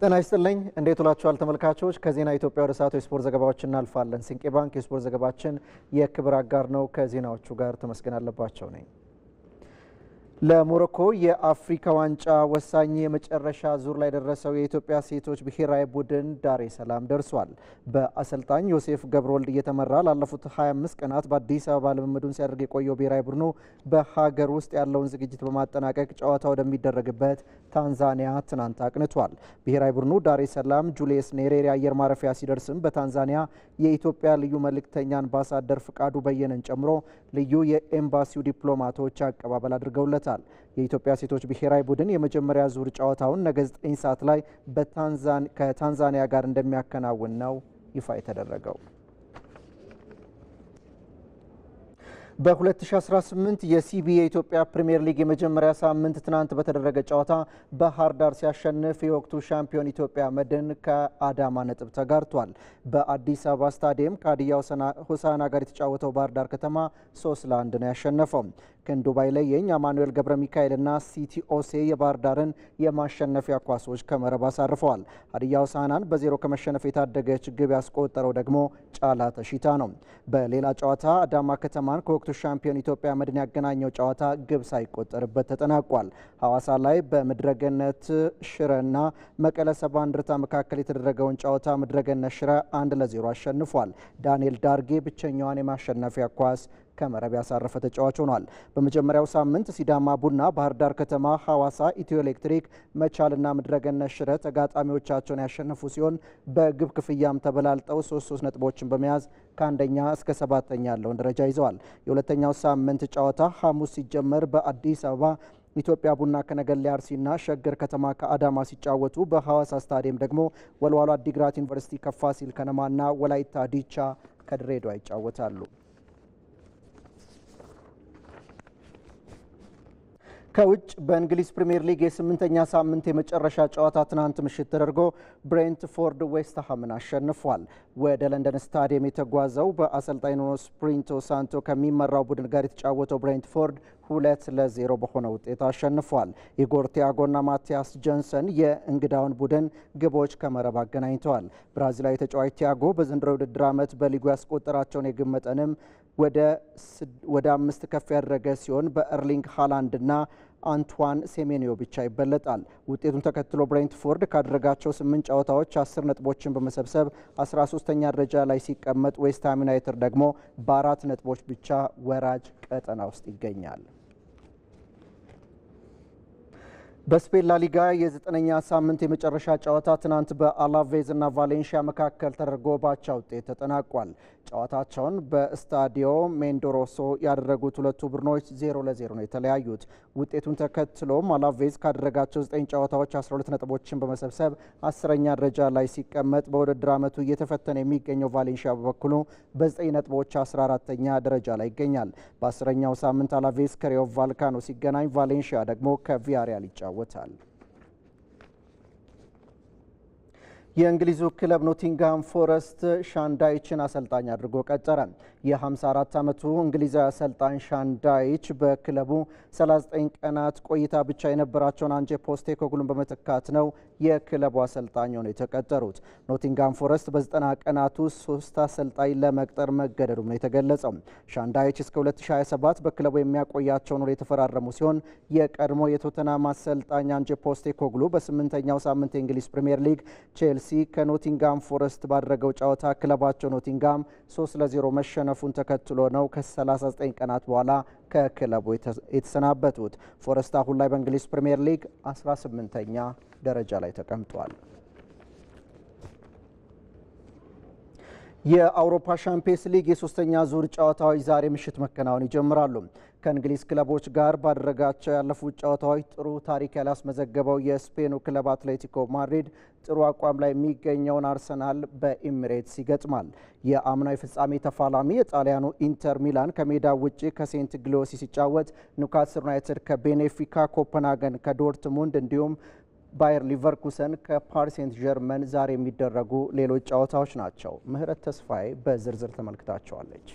ጤና ይስጥልኝ። እንዴት ውላችኋል ተመልካቾች? ከዜና ኢትዮጵያ ወደ ሰዓቱ የስፖርት ዘገባዎች እናልፋለን። ሲንቄ ባንክ የስፖርት ዘገባችን የክብር አጋር ነው። ከዜናዎቹ ጋር ተመስገን አለባቸው ነኝ። ለሞሮኮ የአፍሪካ ዋንጫ ወሳኝ የመጨረሻ ዙር ላይ ደረሰው የኢትዮጵያ ሴቶች ብሔራዊ ቡድን ዳሬ ሰላም ደርሷል። በአሰልጣኝ ዮሴፍ ገብረወልድ እየተመራ ላለፉት 25 ቀናት በአዲስ አበባ ልምምዱን ሲያደርግ የቆየው ብሔራዊ ቡድኑ በሀገር ውስጥ ያለውን ዝግጅት በማጠናቀቅ ጨዋታ ወደሚደረግበት ታንዛኒያ ትናንት አቅንቷል። ብሔራዊ ቡድኑ ዳሬ ሰላም ጁልየስ ኔሬሬ አየር ማረፊያ ሲደርስም በታንዛኒያ የኢትዮጵያ ልዩ መልእክተኛ አምባሳደር ፍቃዱ በየነን ጨምሮ ልዩ የኤምባሲው ዲፕሎማቶች አቀባበል አድርገውለት ይገኙበታል። የኢትዮጵያ ሴቶች ብሔራዊ ቡድን የመጀመሪያ ዙር ጨዋታውን ነገ 9 ሰዓት ላይ ከታንዛኒያ ጋር እንደሚያከናውን ነው ይፋ የተደረገው። በ2018 የሲቢኤ ኢትዮጵያ ፕሪምየር ሊግ የመጀመሪያ ሳምንት ትናንት በተደረገ ጨዋታ ባህርዳር ሲያሸንፍ የወቅቱ ሻምፒዮን ኢትዮጵያ መድን ከአዳማ ነጥብ ተጋርቷል። በአዲስ አበባ ስታዲየም ከሀዲያ ሆሳዕና ጋር የተጫወተው ባህርዳር ዳር ከተማ ሶስት ለአንድ ነው ያሸነፈው። ክንዱ ባይለየኝ፣ አማኑኤል ገብረ ሚካኤልና ሲቲ ኦሴ የባህርዳርን የማሸነፊያ ኳሶች ከመረብ አሳርፈዋል። ሀዲያ ሆሳዕናን በዜሮ ከመሸነፍ የታደገች ግብ ያስቆጠረው ደግሞ ጫላ ተሺታ ነው። በሌላ ጨዋታ አዳማ ከተማን ከወቅቱ የወቅቱ ሻምፒዮን ኢትዮጵያ መድን ያገናኘው ጨዋታ ግብ ሳይቆጠርበት ተጠናቋል። ሐዋሳ ላይ በምድረገነት ሽረና መቀለ ሰባ እንደርታ መካከል የተደረገውን ጨዋታ ምድረገነት ሽረ አንድ ለዜሮ አሸንፏል። ዳንኤል ዳርጌ ብቸኛዋን የማሸነፊያ ኳስ ከመረብ ያሳረፈ ተጫዋች ሆኗል። በመጀመሪያው ሳምንት ሲዳማ ቡና፣ ባህር ዳር ከተማ፣ ሐዋሳ፣ ኢትዮ ኤሌክትሪክ፣ መቻልና ምድረገነት ሽረ ተጋጣሚዎቻቸውን ያሸነፉ ሲሆን በግብ ክፍያም ተበላልጠው 3 ነጥቦችን በመያዝ ከአንደኛ እስከ ሰባተኛ ያለውን ደረጃ ይዘዋል። የሁለተኛው ሳምንት ጨዋታ ሐሙስ ሲጀመር በአዲስ አበባ ኢትዮጵያ ቡና ከነገሌ አርሲና ሸገር ከተማ ከአዳማ ሲጫወቱ በሐዋሳ ስታዲየም ደግሞ ወልዋሎ አዲግራት ዩኒቨርሲቲ ከፋሲል ከነማና ወላይታ ዲቻ ከድሬዳዋ ይጫወታሉ። ከውጭ በእንግሊዝ ፕሪምየር ሊግ የስምንተኛ ሳምንት የመጨረሻ ጨዋታ ትናንት ምሽት ተደርጎ ብሬንትፎርድ ዌስትሃምን አሸንፏል። ወደ ለንደን ስታዲየም የተጓዘው በአሰልጣኝ ኑኖ ስፕሪንቶ ሳንቶ ከሚመራው ቡድን ጋር የተጫወተው ብሬንትፎርድ ሁለት ለዜሮ በሆነ ውጤት አሸንፏል። ኢጎር ቲያጎና ማቲያስ ጆንሰን የእንግዳውን ቡድን ግቦች ከመረብ አገናኝተዋል። ብራዚላዊ ተጫዋች ቲያጎ በዘንድሮ ውድድር ዓመት በሊጉ ያስቆጠራቸውን የግብ መጠንም ወደ አምስት ከፍ ያደረገ ሲሆን በእርሊንግ ሃላንድና አንቷን ሴሜኒዮ ብቻ ይበለጣል። ውጤቱን ተከትሎ ብሬንትፎርድ ካደረጋቸው ስምንት ጨዋታዎች አስር ነጥቦችን በመሰብሰብ 13ተኛ ደረጃ ላይ ሲቀመጥ፣ ዌስትሃም ዩናይትድ ደግሞ በአራት ነጥቦች ብቻ ወራጅ ቀጠና ውስጥ ይገኛል። በስፔን ላሊጋ የዘጠነኛ ሳምንት የመጨረሻ ጨዋታ ትናንት በአላቬዝ እና ቫሌንሺያ መካከል ተደርጎ ባቻ ውጤት ተጠናቋል። ጨዋታቸውን በስታዲዮ ሜንዶሮሶ ያደረጉት ሁለቱ ቡድኖች ዜሮ ለዜሮ ነው የተለያዩት። ውጤቱን ተከትሎም አላቬዝ ካደረጋቸው ዘጠኝ ጨዋታዎች 12 ነጥቦችን በመሰብሰብ አስረኛ ደረጃ ላይ ሲቀመጥ በውድድር ዓመቱ እየተፈተነ የሚገኘው ቫሌንሺያ በበኩሉ በዘጠኝ ነጥቦች 14ተኛ ደረጃ ላይ ይገኛል። በአስረኛው ሳምንት አላቬዝ ከሪዮ ቫልካኖ ሲገናኝ፣ ቫሌንሺያ ደግሞ ከቪያሪያል ይጫወ وتعالى የእንግሊዙ ክለብ ኖቲንግሃም ፎረስት ሻንዳይችን አሰልጣኝ አድርጎ ቀጠረ። የ54 ዓመቱ እንግሊዛዊ አሰልጣኝ ሻንዳይች በክለቡ 39 ቀናት ቆይታ ብቻ የነበራቸውን አንጄ ፖስቴኮግሉን በመተካት ነው የክለቡ አሰልጣኝ ሆነው የተቀጠሩት። ኖቲንግሃም ፎረስት በ90 ቀናት ውስጥ ሶስት አሰልጣኝ ለመቅጠር መገደዱም ነው የተገለጸው። ሻንዳይች እስከ 2027 በክለቡ የሚያቆያቸውን ውል የተፈራረሙ ሲሆን የቀድሞ የቶተናም አሰልጣኝ አንጄ ፖስቴኮግሉ በስምንተኛው ሳምንት የእንግሊዝ ፕሪምየር ሊግ ቼልሲ ቼልሲ ከኖቲንጋም ፎረስት ባደረገው ጨዋታ ክለባቸው ኖቲንጋም 3 ለ0 መሸነፉን ተከትሎ ነው ከ39 ቀናት በኋላ ከክለቡ የተሰናበቱት። ፎረስት አሁን ላይ በእንግሊዝ ፕሪምየር ሊግ 18ኛ ደረጃ ላይ ተቀምጧል። የአውሮፓ ሻምፒየንስ ሊግ የሶስተኛ ዙር ጨዋታዎች ዛሬ ምሽት መከናወን ይጀምራሉ። ከእንግሊዝ ክለቦች ጋር ባደረጋቸው ያለፉት ጨዋታዎች ጥሩ ታሪክ ያላስመዘገበው የስፔኑ ክለብ አትሌቲኮ ማድሪድ ጥሩ አቋም ላይ የሚገኘውን አርሰናል በኢሚሬትስ ይገጥማል። የአምናው የፍጻሜ ተፋላሚ የጣሊያኑ ኢንተር ሚላን ከሜዳ ውጭ ከሴንት ግሎሲ ሲጫወት፣ ኒውካስል ዩናይትድ ከቤኔፊካ፣ ኮፐንሃገን ከዶርትሙንድ እንዲሁም ባየር ሊቨርኩሰን ከፓሪስ ሴንት ጀርመን ዛሬ የሚደረጉ ሌሎች ጨዋታዎች ናቸው። ምህረት ተስፋዬ በዝርዝር ተመልክታቸዋለች።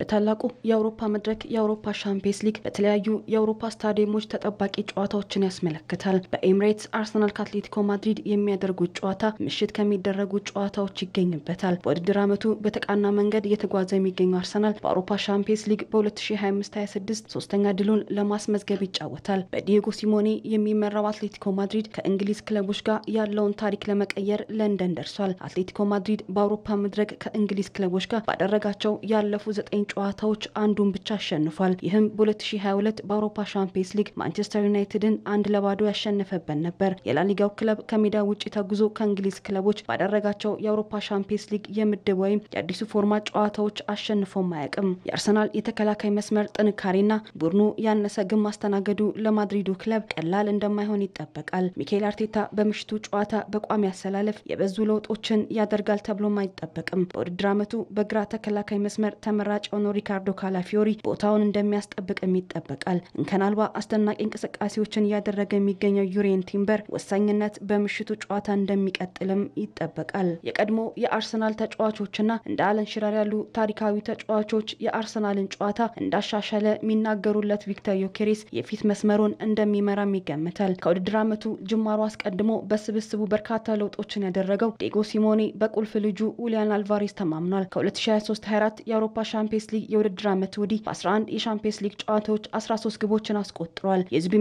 በታላቁ የአውሮፓ መድረክ የአውሮፓ ሻምፒየንስ ሊግ በተለያዩ የአውሮፓ ስታዲየሞች ተጠባቂ ጨዋታዎችን ያስመለክታል። በኤምሬትስ አርሰናል ከአትሌቲኮ ማድሪድ የሚያደርጉት ጨዋታ ምሽት ከሚደረጉ ጨዋታዎች ይገኝበታል። በውድድር ዓመቱ በተቃና መንገድ እየተጓዘ የሚገኘው አርሰናል በአውሮፓ ሻምፒየንስ ሊግ በ2025/26 ሶስተኛ ድሉን ለማስመዝገብ ይጫወታል። በዲየጎ ሲሞኔ የሚመራው አትሌቲኮ ማድሪድ ከእንግሊዝ ክለቦች ጋር ያለውን ታሪክ ለመቀየር ለንደን ደርሷል። አትሌቲኮ ማድሪድ በአውሮፓ መድረክ ከእንግሊዝ ክለቦች ጋር ባደረጋቸው ያለፉ ዘጠኝ ሶስቱን ጨዋታዎች አንዱን ብቻ አሸንፏል። ይህም በ2022 በአውሮፓ ሻምፒየንስ ሊግ ማንቸስተር ዩናይትድን አንድ ለባዶ ያሸነፈበት ነበር። የላሊጋው ክለብ ከሜዳ ውጭ ተጉዞ ከእንግሊዝ ክለቦች ባደረጋቸው የአውሮፓ ሻምፒየንስ ሊግ የምድብ ወይም የአዲሱ ፎርማት ጨዋታዎች አሸንፎም አያውቅም። የአርሰናል የተከላካይ መስመር ጥንካሬና ቡድኑ ያነሰ ግን ማስተናገዱ ለማድሪዱ ክለብ ቀላል እንደማይሆን ይጠበቃል። ሚካኤል አርቴታ በምሽቱ ጨዋታ በቋሚ አሰላለፍ የበዙ ለውጦችን ያደርጋል ተብሎም አይጠበቅም። በውድድር ዓመቱ በግራ ተከላካይ መስመር ተመራጭ ሆኖ ሪካርዶ ካላፊዮሪ ቦታውን እንደሚያስጠብቅም ይጠበቃል። እንከን አልባ አስደናቂ እንቅስቃሴዎችን እያደረገ የሚገኘው ዩሬን ቲምበር ወሳኝነት በምሽቱ ጨዋታ እንደሚቀጥልም ይጠበቃል። የቀድሞ የአርሰናል ተጫዋቾችና እንደ አለን ሽረር ያሉ ታሪካዊ ተጫዋቾች የአርሰናልን ጨዋታ እንዳሻሻለ የሚናገሩለት ቪክተር ዮኬሬስ የፊት መስመሩን እንደሚመራም ይገምታል። ከውድድር ዓመቱ ጅማሩ አስቀድሞ በስብስቡ በርካታ ለውጦችን ያደረገው ዴጎ ሲሞኔ በቁልፍ ልጁ ውሊያን አልቫሬስ ተማምኗል። ከ2023/24 የአውሮፓ ሻምፒየንስ ቻምፒየንስ ሊግ የውድድር ዓመት ወዲህ 11 የሻምፒየንስ ሊግ ጨዋታዎች 13 ግቦችን አስቆጥረዋል። የዙቢ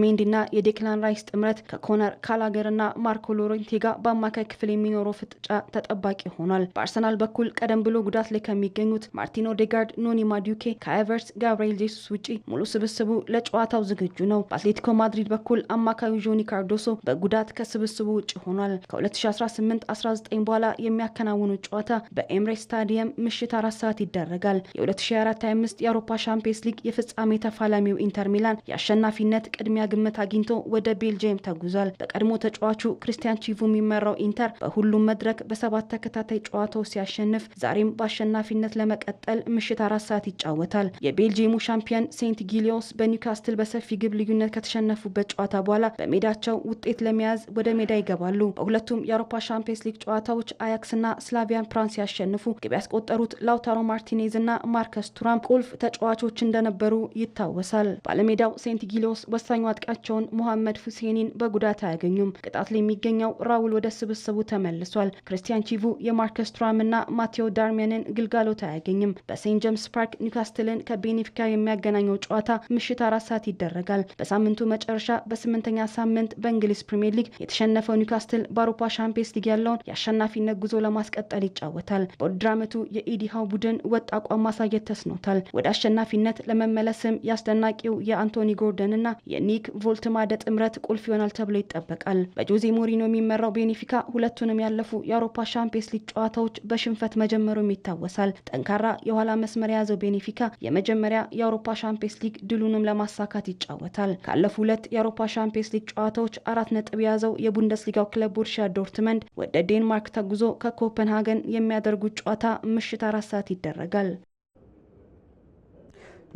የዴክላን ራይስ ጥምረት ከኮነር ካላገርና ማርኮ ሎሬንቴ ጋር በአማካይ ክፍል የሚኖረው ፍጥጫ ተጠባቂ ሆኗል። በአርሰናል በኩል ቀደም ብሎ ጉዳት ላይ ከሚገኙት ማርቲን ኦዴጋርድ፣ ኖኒ ማዱኬ ከኤቨርስ ጋብርኤል ጄሱስ ውጪ ሙሉ ስብስቡ ለጨዋታው ዝግጁ ነው። በአትሌቲኮ ማድሪድ በኩል አማካዩ ጆኒ ካርዶሶ በጉዳት ከስብስቡ ውጭ ሆኗል። ከ2018-19 በኋላ የሚያከናውኑት ጨዋታ በኤምሬት ስታዲየም ምሽት አራት ሰዓት ይደረጋል። የ 2024 የአውሮፓ ሻምፒየንስ ሊግ የፍጻሜ ተፋላሚው ኢንተር ሚላን የአሸናፊነት ቅድሚያ ግምት አግኝቶ ወደ ቤልጅየም ተጉዟል። በቀድሞ ተጫዋቹ ክሪስቲያን ቺቩ የሚመራው ኢንተር በሁሉም መድረክ በሰባት ተከታታይ ጨዋታው ሲያሸንፍ ዛሬም በአሸናፊነት ለመቀጠል ምሽት አራት ሰዓት ይጫወታል። የቤልጅየሙ ሻምፒየን ሴንት ጊሊዮስ በኒውካስትል በሰፊ ግብ ልዩነት ከተሸነፉበት ጨዋታ በኋላ በሜዳቸው ውጤት ለመያዝ ወደ ሜዳ ይገባሉ። በሁለቱም የአውሮፓ ሻምፒየንስ ሊግ ጨዋታዎች አያክስና ስላቪያን ፕራንስ ያሸንፉ ግብ ያስቆጠሩት ላውታሮ ማርቲኔዝ እና ማርከስ ሬስቶራንት ቁልፍ ተጫዋቾች እንደነበሩ ይታወሳል። ባለሜዳው ሴንት ጊሎስ ወሳኙ አጥቂያቸውን ሞሐመድ ሁሴኒን በጉዳት አያገኙም። ቅጣት ላይ የሚገኘው ራውል ወደ ስብስቡ ተመልሷል። ክርስቲያን ቺቩ የማርከስ ቱራምና ማቴዎ ዳርሚያንን ግልጋሎት አያገኝም። በሴንት ጄምስ ፓርክ ኒውካስትልን ከቤኔፊካ የሚያገናኘው ጨዋታ ምሽት አራት ሰዓት ይደረጋል። በሳምንቱ መጨረሻ በስምንተኛ ሳምንት በእንግሊዝ ፕሪምየር ሊግ የተሸነፈው ኒውካስትል በአውሮፓ ሻምፒየንስ ሊግ ያለውን የአሸናፊነት ጉዞ ለማስቀጠል ይጫወታል። በውድድር ዓመቱ የኢዲሃው ቡድን ወጥ አቋም ማሳየት ተስኖታል። ወደ አሸናፊነት ለመመለስም የአስደናቂው የአንቶኒ ጎርደንና የኒክ ቮልትማደ ጥምረት ቁልፍ ይሆናል ተብሎ ይጠበቃል። በጆዜ ሞሪኖ የሚመራው ቤኔፊካ ሁለቱንም ያለፉ የአውሮፓ ሻምፒየንስ ሊግ ጨዋታዎች በሽንፈት መጀመሩም ይታወሳል። ጠንካራ የኋላ መስመር የያዘው ቤኔፊካ የመጀመሪያ የአውሮፓ ሻምፒየንስ ሊግ ድሉንም ለማሳካት ይጫወታል። ካለፉ ሁለት የአውሮፓ ሻምፒየንስ ሊግ ጨዋታዎች አራት ነጥብ የያዘው የቡንደስሊጋው ክለብ ቦሩሲያ ዶርትመንድ ወደ ዴንማርክ ተጉዞ ከኮፐንሃገን የሚያደርጉት ጨዋታ ምሽት አራት ሰዓት ይደረጋል።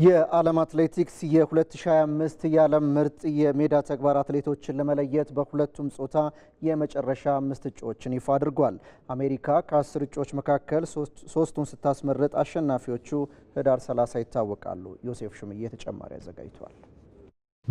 የዓለም አትሌቲክስ የ2025 የዓለም ምርጥ የሜዳ ተግባር አትሌቶችን ለመለየት በሁለቱም ጾታ የመጨረሻ አምስት እጩዎችን ይፋ አድርጓል። አሜሪካ ከአስር እጩዎች መካከል ሶስቱን ስታስመርጥ አሸናፊዎቹ ህዳር 30 ይታወቃሉ። ዮሴፍ ሹምዬ ተጨማሪ አዘጋጅቷል።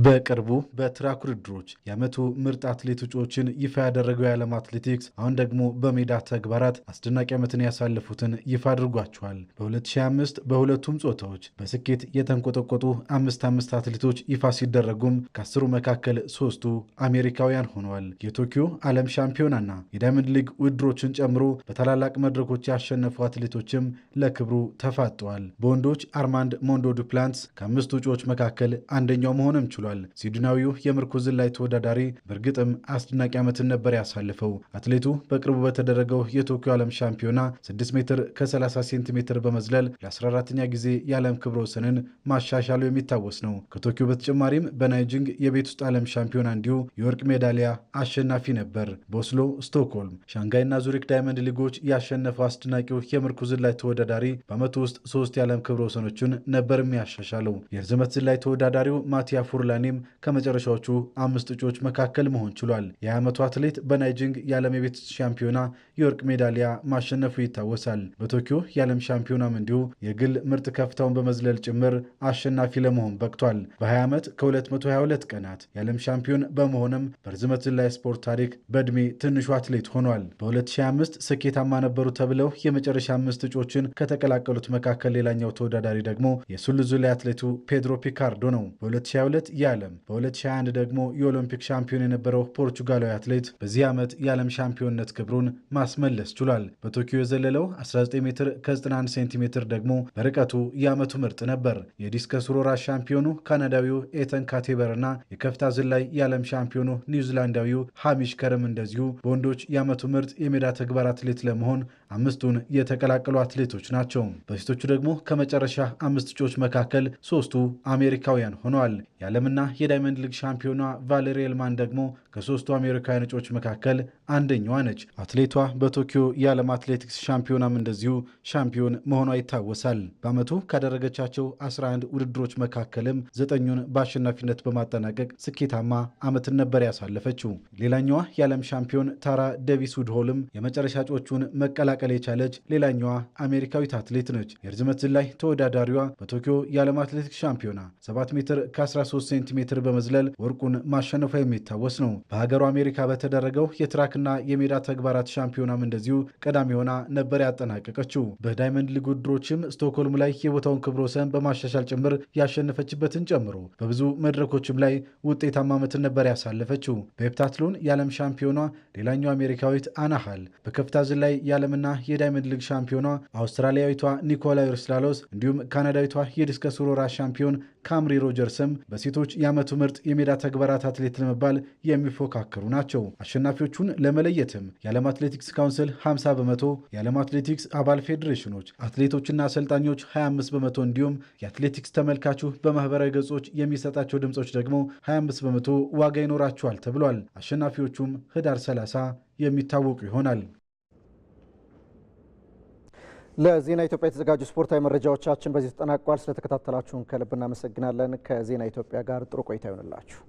በቅርቡ በትራክ ውድድሮች የዓመቱ ምርጥ አትሌት እጩዎችን ይፋ ያደረገው የዓለም አትሌቲክስ አሁን ደግሞ በሜዳ ተግባራት አስደናቂ ዓመትን ያሳለፉትን ይፋ አድርጓቸዋል። በ2025 በሁለቱም ጾታዎች በስኬት የተንቆጠቆጡ አምስት አምስት አትሌቶች ይፋ ሲደረጉም ከአስሩ መካከል ሶስቱ አሜሪካውያን ሆነዋል። የቶኪዮ ዓለም ሻምፒዮናና የዳይመንድ ሊግ ውድድሮችን ጨምሮ በታላላቅ መድረኮች ያሸነፉ አትሌቶችም ለክብሩ ተፋጠዋል። በወንዶች አርማንድ ሞንዶ ዱፕላንትስ ከአምስቱ እጩዎች መካከል አንደኛው መሆንም ችሏል። ችሏል። ስዊድናዊው የምርኩዝ ላይ ተወዳዳሪ በእርግጥም አስደናቂ ዓመትን ነበር ያሳልፈው። አትሌቱ በቅርቡ በተደረገው የቶኪዮ ዓለም ሻምፒዮና 6 ሜትር ከ30 ሴንቲሜትር በመዝለል ለ14ኛ ጊዜ የዓለም ክብረ ወሰንን ማሻሻሉ የሚታወስ ነው። ከቶኪዮ በተጨማሪም በናይጂንግ የቤት ውስጥ ዓለም ሻምፒዮና እንዲሁ የወርቅ ሜዳሊያ አሸናፊ ነበር። በኦስሎ፣ ስቶክሆልም፣ ሻንጋይና ዙሪክ ዳይመንድ ሊጎች ያሸነፈው አስደናቂው የምርኩዝ ዝላይ ተወዳዳሪ በዓመቱ ውስጥ ሶስት የዓለም ክብረ ወሰኖችን ነበር የሚያሻሻለው። የርዝመት ዝላይ ተወዳዳሪው ማቲያ ፉርላ ቢያኔም ከመጨረሻዎቹ አምስት እጩዎች መካከል መሆን ችሏል። ዓመቱ አትሌት በናይጂንግ የዓለም የቤት ሻምፒዮና የወርቅ ሜዳሊያ ማሸነፉ ይታወሳል። በቶኪዮ የዓለም ሻምፒዮናም እንዲሁ የግል ምርጥ ከፍታውን በመዝለል ጭምር አሸናፊ ለመሆን በቅቷል። በ20 ዓመት ከ222 ቀናት የዓለም ሻምፒዮን በመሆንም በርዝመት ዝላይ ስፖርት ታሪክ በዕድሜ ትንሹ አትሌት ሆኗል። በ2025 ስኬታማ ነበሩ ተብለው የመጨረሻ አምስት እጩዎችን ከተቀላቀሉት መካከል ሌላኛው ተወዳዳሪ ደግሞ የሱሉ ዝላይ አትሌቱ ፔድሮ ፒካርዶ ነው። በ2022 የዓለም በ2021 ደግሞ የኦሎምፒክ ሻምፒዮን የነበረው ፖርቹጋላዊ አትሌት በዚህ ዓመት የዓለም ሻምፒዮንነት ክብሩን ማስመለስ ችሏል። በቶኪዮ የዘለለው 19 ሜትር ከ91 ሴንቲሜትር ደግሞ በርቀቱ የዓመቱ ምርጥ ነበር። የዲስከስ ሮራ ሻምፒዮኑ ካናዳዊው ኤተን ካቴበርና የከፍታ ዝላይ የዓለም ሻምፒዮኑ ኒውዚላንዳዊው ሃሚሽ ከረም እንደዚሁ በወንዶች የዓመቱ ምርጥ የሜዳ ተግባር አትሌት ለመሆን አምስቱን የተቀላቀሉ አትሌቶች ናቸው። በሴቶቹ ደግሞ ከመጨረሻ አምስት እጩዎች መካከል ሶስቱ አሜሪካውያን ሆነዋል። የዓለምና የዳይመንድ ሊግ ሻምፒዮኗ ቫሌሪ ኤልማን ደግሞ ከሶስቱ አሜሪካውያን እጩዎች መካከል አንደኛዋ ነች። አትሌቷ በቶኪዮ የዓለም አትሌቲክስ ሻምፒዮናም እንደዚሁ ሻምፒዮን መሆኗ ይታወሳል። በዓመቱ ካደረገቻቸው 11 ውድድሮች መካከልም ዘጠኙን በአሸናፊነት በማጠናቀቅ ስኬታማ ዓመትን ነበር ያሳለፈችው። ሌላኛዋ የዓለም ሻምፒዮን ታራ ዴቪስ ውድሆልም የመጨረሻ እጩዎቹን መቀላ መቀላቀል የቻለች ሌላኛዋ አሜሪካዊት አትሌት ነች። የርዝመት ዝላይ ተወዳዳሪዋ በቶኪዮ የዓለም አትሌቲክስ ሻምፒዮና 7 ሜትር ከ13 ሴንቲሜትር በመዝለል ወርቁን ማሸነፏ የሚታወስ ነው። በሀገሩ አሜሪካ በተደረገው የትራክና የሜዳ ተግባራት ሻምፒዮናም እንደዚሁ ቀዳሚ ሆና ነበር ያጠናቀቀችው። በዳይመንድ ሊግ ውድድሮችም ስቶክሆልም ላይ የቦታውን ክብረ ወሰን በማሻሻል ጭምር ያሸነፈችበትን ጨምሮ በብዙ መድረኮችም ላይ ውጤታማ ዓመትን ነበር ያሳለፈችው። በሄፕታትሎን የዓለም ሻምፒዮኗ ሌላኛው አሜሪካዊት አናሃል በከፍታ ዝላይ የዓለምና እና የዳይመንድ ሊግ ሻምፒዮኗ አውስትራሊያዊቷ ኒኮላ ዩርስላሎስ እንዲሁም ካናዳዊቷ የዲስከስ ሮራ ሻምፒዮን ካምሪ ሮጀርስም በሴቶች የዓመቱ ምርጥ የሜዳ ተግባራት አትሌት ለመባል የሚፎካከሩ ናቸው። አሸናፊዎቹን ለመለየትም የዓለም አትሌቲክስ ካውንስል 50 በመቶ፣ የዓለም አትሌቲክስ አባል ፌዴሬሽኖች፣ አትሌቶችና አሰልጣኞች 25 በመቶ እንዲሁም የአትሌቲክስ ተመልካቹ በማህበራዊ ገጾች የሚሰጣቸው ድምፆች ደግሞ 25 በመቶ ዋጋ ይኖራቸዋል ተብሏል። አሸናፊዎቹም ህዳር 30 የሚታወቁ ይሆናል። ለዜና ኢትዮጵያ የተዘጋጁ ስፖርታዊ መረጃዎቻችን በዚህ ተጠናቋል። ስለተከታተላችሁን ከልብ እናመሰግናለን። ከዜና ኢትዮጵያ ጋር ጥሩ ቆይታ ይሆንላችሁ።